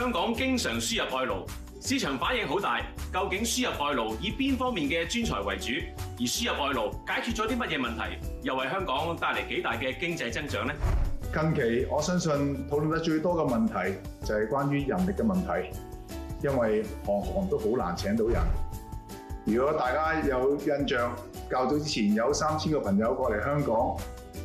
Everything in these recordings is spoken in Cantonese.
香港經常輸入外勞，市場反應好大。究竟輸入外勞以邊方面嘅專才為主？而輸入外勞解決咗啲乜嘢問題？又為香港帶嚟幾大嘅經濟增長呢？近期我相信討論得最多嘅問題就係關於人力嘅問題，因為行行都好難請到人。如果大家有印象，較早之前有三千個朋友過嚟香港，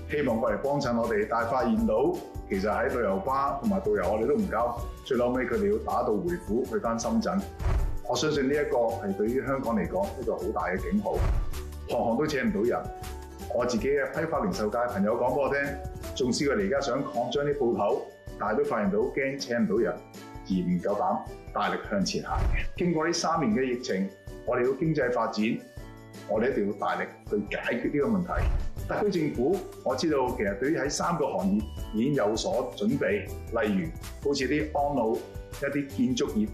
希望過嚟幫襯我哋，但係發現到其實喺旅遊巴同埋導遊，我哋都唔夠。最後尾佢哋要打道回府去翻深圳。我相信呢一個係對於香港嚟講一個好大嘅警號，行行都請唔到人。我自己嘅批發零售界朋友講俾我聽，縱使佢哋而家想擴張啲鋪頭，但係都發現到驚請唔到人。而唔夠膽大力向前行。經過呢三年嘅疫情，我哋要經濟發展，我哋一定要大力去解決呢個問題。特區政府我知道其實對於喺三個行業已經有所準備，例如好似啲安老、一啲建築業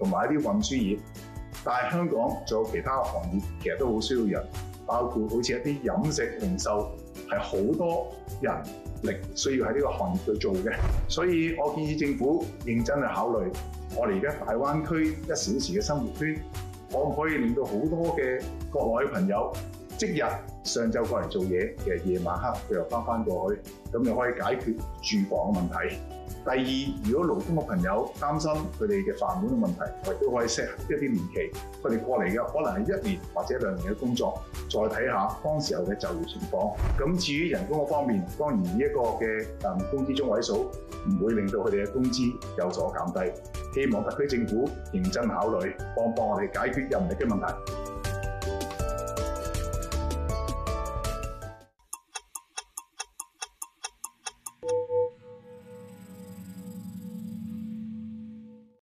同埋一啲運輸業。但係香港仲有其他行業其實都好需要人，包括好似一啲飲食零售係好多人力需要喺呢個行業去做嘅，所以我建議政府認真去考慮，我哋而家大灣區一小時嘅生活圈，可唔可以令到好多嘅國內嘅朋友，即日上晝過嚟做嘢，其實夜晚黑佢又翻返過去，咁又可以解決住房嘅問題。第二，如果勞工嘅朋友擔心佢哋嘅飯碗嘅問題，亦都可以適合一啲年期。佢哋過嚟嘅可能係一年或者兩年嘅工作，再睇下當時候嘅就業情況。咁至於人工嘅方面，當然呢一個嘅誒工資中位數唔會令到佢哋嘅工資有所減低。希望特區政府認真考慮幫幫我哋解決人力嘅問題。